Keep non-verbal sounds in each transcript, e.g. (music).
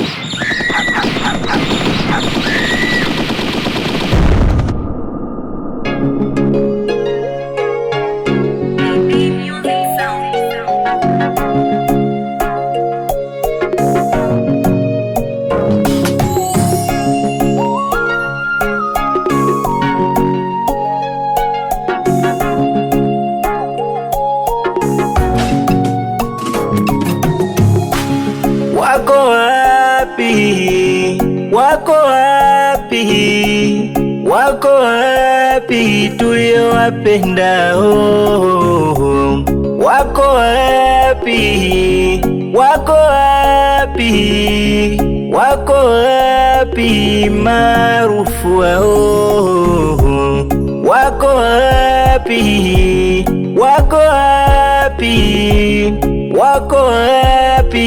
Thank (laughs) you. Wako wapi tuliowapendao? Wako wapi? Wako wapi? Wako wapi maarufu wao? Wako wapi? Wako wapi? Wako wapi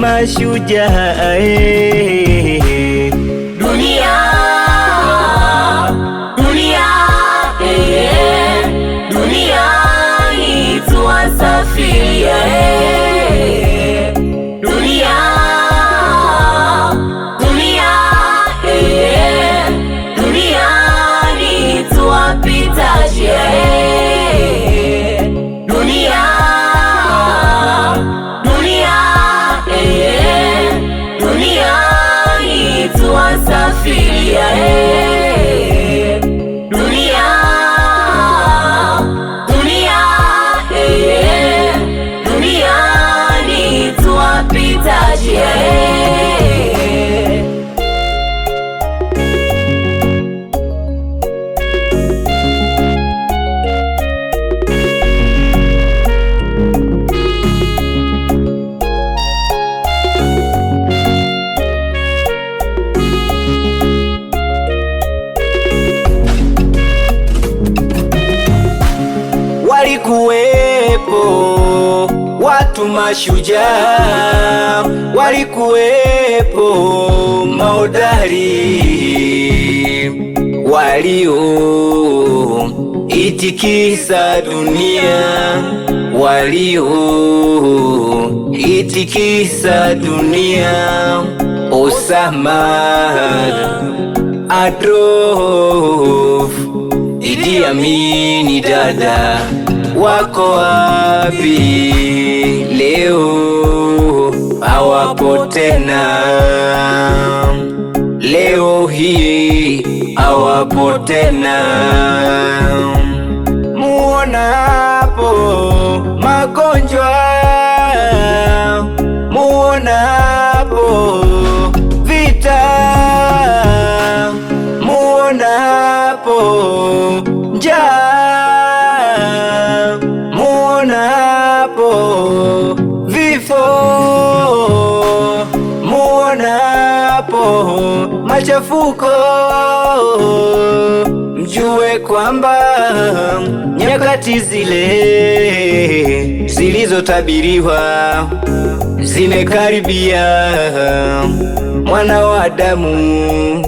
mashujaa? Dunia walikuwepo, watu mashujaa walikuwepo, maodari walioitikisa dunia, walioitikisa dunia, Osama Adolf Idi Amini dada wako wapi leo? Hawapo tena leo hii, hawapo tena. Muona hapo magonjwa machafuko, mjue kwamba nyakati zile zilizotabiriwa zimekaribia. Mwana wa Adamu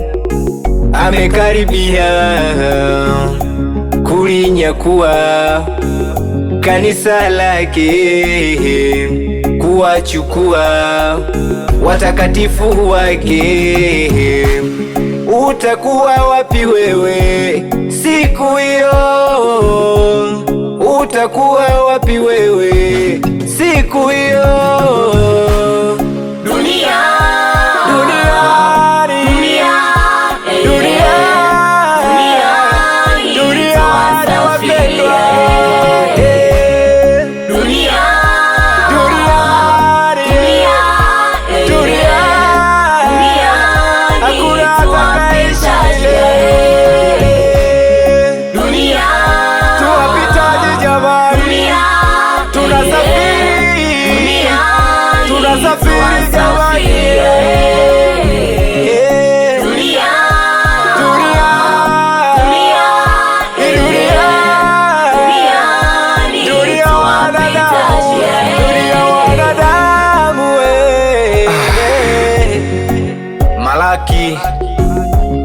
amekaribia kulinyakuwa kanisa lake kuwachukua watakatifu wake. Utakuwa wapi wewe siku hiyo? Utakuwa wapi wewe siku hiyo?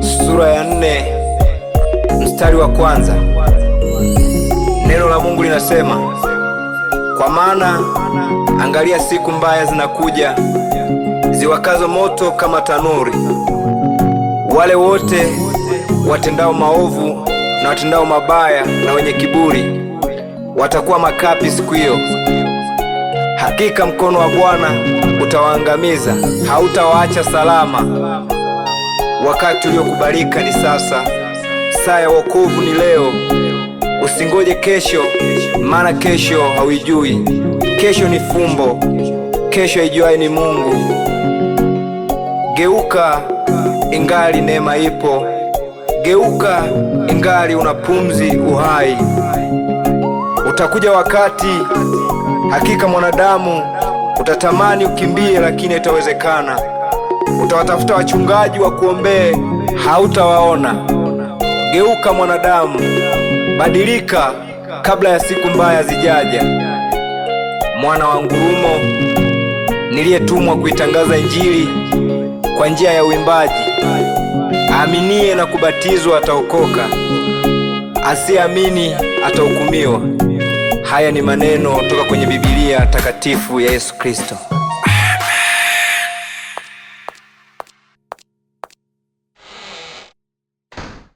sura ya nne mstari wa kwanza neno la Mungu linasema, kwa maana angalia, siku mbaya zinakuja, ziwakazo moto kama tanuri, wale wote watendao maovu na watendao mabaya na wenye kiburi watakuwa makapi siku hiyo. Hakika mkono wa Bwana utawaangamiza, hautawaacha salama. Wakati uliokubalika ni sasa, saa ya wokovu ni leo. Usingoje kesho, maana kesho hauijui. Kesho ni fumbo, kesho haijuaye ni Mungu. Geuka ingali neema ipo, geuka ingali una pumzi uhai. Utakuja wakati hakika mwanadamu utatamani ukimbie, lakini itawezekana? Utawatafuta wachungaji wa kuombee, hautawaona. Geuka mwanadamu, badilika kabla ya siku mbaya zijaja. Mwana wa ngurumo niliyetumwa kuitangaza Injili kwa njia ya uimbaji, aaminie na kubatizwa ataokoka, asiyeamini atahukumiwa. Haya ni maneno toka kwenye Biblia takatifu ya Yesu Kristo.